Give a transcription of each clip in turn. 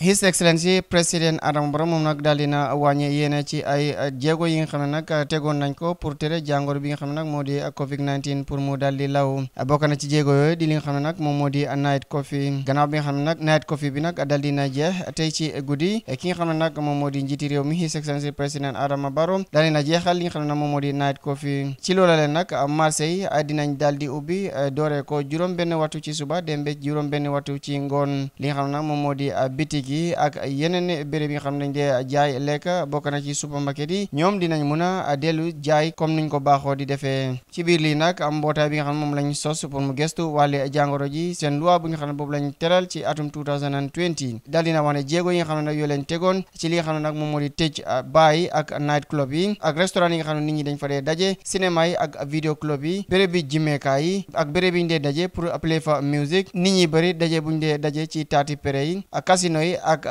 His Excellency President Adama Barrow moom nag daal dina wàññi yéene ci ay jéego yi nga xam ne nag tegoon nañ ko pour tere jàngoro bi nga xam ne nag moo di Covid 19 pour mu daal di law bokk na ci jéego yooyu di li nga xam ne nag moom moo di night coffee gannaaw bi nga xam ne nag night coffee bi nag daal dina jeex tey ci guddi ki nga xam ne nag moom moo di njiiti réew mi His Excellency President Adama Barrow daal dina jeexal li nga xam ne nag moom moo di night coffee ci loola leen nag marché yi dinañ daal di ubbi dooree ko juróom-benn waxtu ci suba dem ba juróom-benn waxtu ci ngoon li nga xam ne nag moom moo di bitig gi ak yeneen béréb yi nga xam ne dañ dee jaay lekk bokk na ci supermarket yi ñoom dinañ mun a dellu jaay comme nuñ ko baaxoo di defee ci biir lii nag am bi nga xam ne moom lañ sos pour mu gestu wàlle jàngoro ji seen loi bu xam ne boobu lañ teral ci atum 2020 daal dina wane jéego yi nga xam ne nag ci li nga xam moom moo di tëj ah, baay ak night club yi ak restaurant yi nga xam ne nit ñi dañ fa dee daje cinéma yi ak vidéo club yi béréb bi jimeekaay yi ak béréb yi ñu dee daje pour play fa music nit ñi bëri daje ci taati yi ak yi ak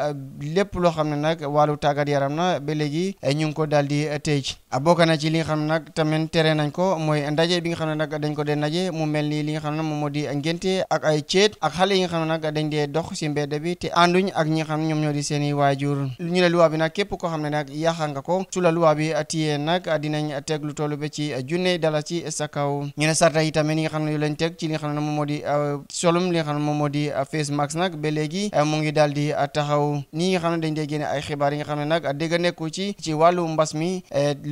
lépp loo xam ne nag wàllu tàggat yaram na ba léegi eh, ñu ngi ko daal di eh, tëj a bokk na ci li nga xam nag tamit tere nañ ko mooy ndaje bi nga xam ne nag dañ ko dee ndaje mu mel ni li nga xam ne moom moo di ngénte ak ay céet ak nga xam ne nag dañ dee dox si mbedd bi te ànduñ ak ñi ñoom ñoo di seen i waajur ñu ne luwaa bi nag képp koo xam ne nag yàqa nga ko su la luwaa bi tiyee dinañ teg lu ba ci junne dala ci sa kaw ñu ne sarta yi tamit nga xam ne yu lañ teg ci li nga xam ne moom moo di solum li ne moom moo di face mask nag ba léegi mu ngi daal di taxaw ni nga xam ne dañ dee génne ay xibaar yi nga xam ne nag dégg nekku ci ci wàllu mbas mi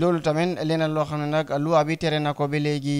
loolu tamit leneen loo xam ne nag loi bi tere na ko ba léegi